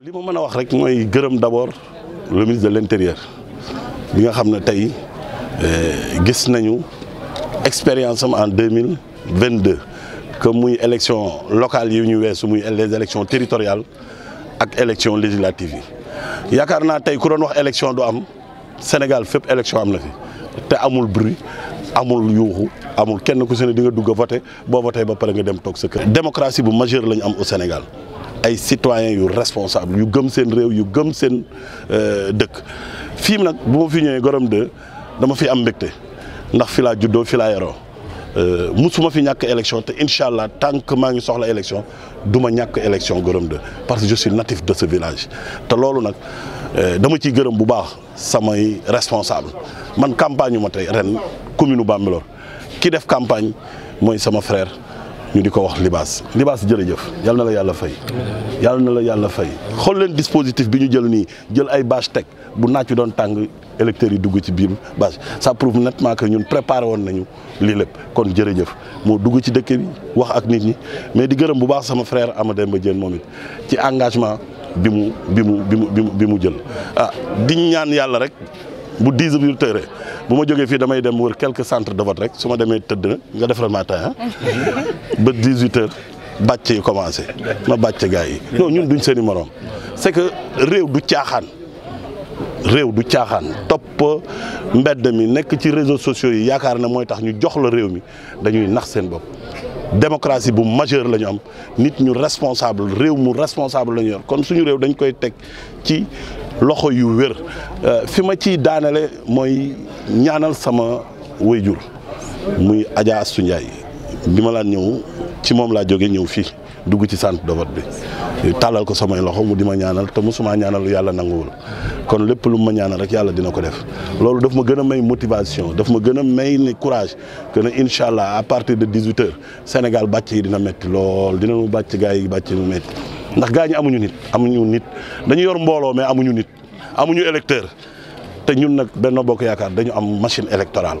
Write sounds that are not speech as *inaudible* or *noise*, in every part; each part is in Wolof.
li ma mën a wax rek mooy gërëm d'abord le ministre de l'intérieur bi nga xam ne tey eh, gis nañu expérience am en deux mille vingt deux que muy élection locale yi ñu weesu muy les élections territoriales ak élection législative yi yaakaar naa tey ku doon wax élection du am Sénégal fépp élection am na fi te amul bruit amul yuuxu amul kenn ku si ne di nga dugg a voté boo voté ba pare nga dem toog sa kër. démocratie bu majeure lañu am au Sénégal ay citoyens yu responsable yu gëm seen réew yu gëm seen euh, dëkk fii nag bu ma fi ñëwee Gorom 2 dama fi am mbégte ndax fi laa juddoo fi laa yaroo euh, musuma fi ñàkk élection te incha allah tant que maa ngi soxla élection duma ñàkk élection Gorom 2 parce que je suis natif de ce village te loolu nag. Euh, dama ciy gërëm bu baax samay responsable man campagne ma te ren commune Bambilor ki def campagne mooy sama frère ñu di ko wax Libaas Libaas jërëjëf yal na la yàlla fay. yal na la yàlla fay xool leen dispositif bi ñu jël nii jël ay bâche teg bu naat naaj doon tàng électeurs yi dugg ci biir bâche sa prouve nettement que ñun préparé woon nañu lii lépp kon jërëjëf moo dugg ci dëkk bi wax ak nit ñi mais di gërëm bu baax sama frère Amadou Demba Diène moom it ci engagement. bi mu bi mu bi mu bi mu jël ah di ñaan yàlla rek bu 10 heures bu ma jógee fii damay dem wër quelque centres de vote rek su ma demee tëdd nga defaral ma temps ah. *laughs* ba 18 heures bàcc yi commencé ma bàcc gars yi non ñun duñ seeni i morom que réew du caaxaan réew du caaxaan topp mbedd mi nekk ci réseaux sociaux yi yaakaar na mooy tax ñu jox la réew mi dañuy nax seen bopp démocratie bu majeur la ñu am nit ñu responsable réew mu responsable la yor kon suñu réew dañ koy teg ci loxo yu wér euh, fi ma ci daanale mooy ñaanal sama jur muy ajaa Astou Ndiaye bi ma laan ñëw ci moom laa jóge ñëw fii dugg ci centre de bi tàllal ko samay loxo mu di ma ñaanal te mosuma ñaanal lu yàlla nanguwul kon lépp lu ma ñaanal rek yàlla dina ko def loolu daf ma gën a may motivation dafa ma gën a may ni courage que ne à partir de 18 heures Sénégal bàcc yi dina métti lool dina mu bàcc gaa yi bàcc mu métti ndax gaa ñi amuñu nit amuñu nit dañu yor mbooloo mais amuñu nit amuñu électeur te ñun nag benn bokk yaakaar dañu am machine électorale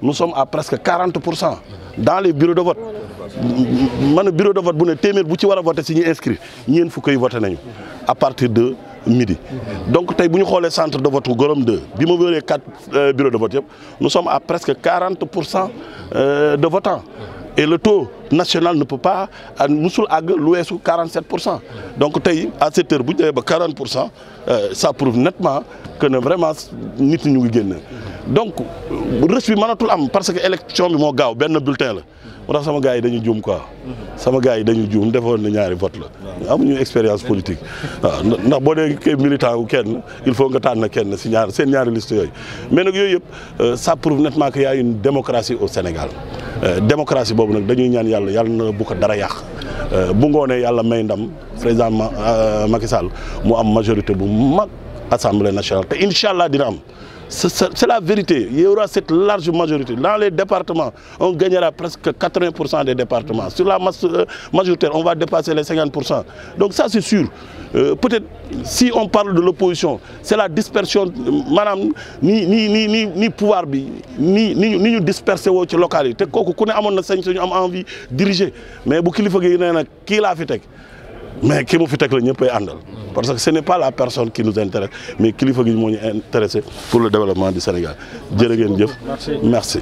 nous sommes à presque 40 dans les bureaux de vote man bureau de vote bu ne téeméer bu ci si ñu inscrit ñeent fukk nañu à partir de midi donc si vous avez xoolee centre de vote Gorom 2 bi quatre euh, bureaux de vote nous sommes à presque 40 euh, de votants et le taux national ne peut pas musul ag lu 47 donc tay à cette heure bu 40 euh, ça prouve nettement que ne vraiment nit ñu ngi génn donc euh, rëcc bi mënatul am parce que élection bi mo gaaw ben bulletin la moo sama gars yi dañu juum quoi sama gars yi dañu juum defoon na ñaari vote la amuñu expérience politique waaw ndax boo dee militant ou kenn il faut nga tànn kenn ci ñaar seen ñaari liste yoy. mais nak yoy euh, ça prouve nettement que y a une démocratie au Sénégal Euh, démocratie boobu nag dañuy ñaan yàlla yàlla na bu ko dara yàq euh, bu ngoonee yàlla may ndam président euh, Macky Sall mu am majorité bu mag assemblée nationale te incha allah dina am. C'est la vérité. Il y aura cette large majorité. Dans les départements, on gagnera presque 80% des départements. Sur la euh, majorité, on va dépasser les 50%. Donc ça, c'est sûr. Euh, peut-être, si on parle de l'opposition, c'est la dispersion, madame, ni, ni, ni, ni, ni pouvoir, ni, ni, ni nous disperser au localité Nous avons envie de diriger. Mais si vous avez qui l'a fait mais qui mu fait teg la ñëpp andal parce que ce n'est pas la personne qui nous intéresse mais qui nous moo pour le développement du Sénégal merci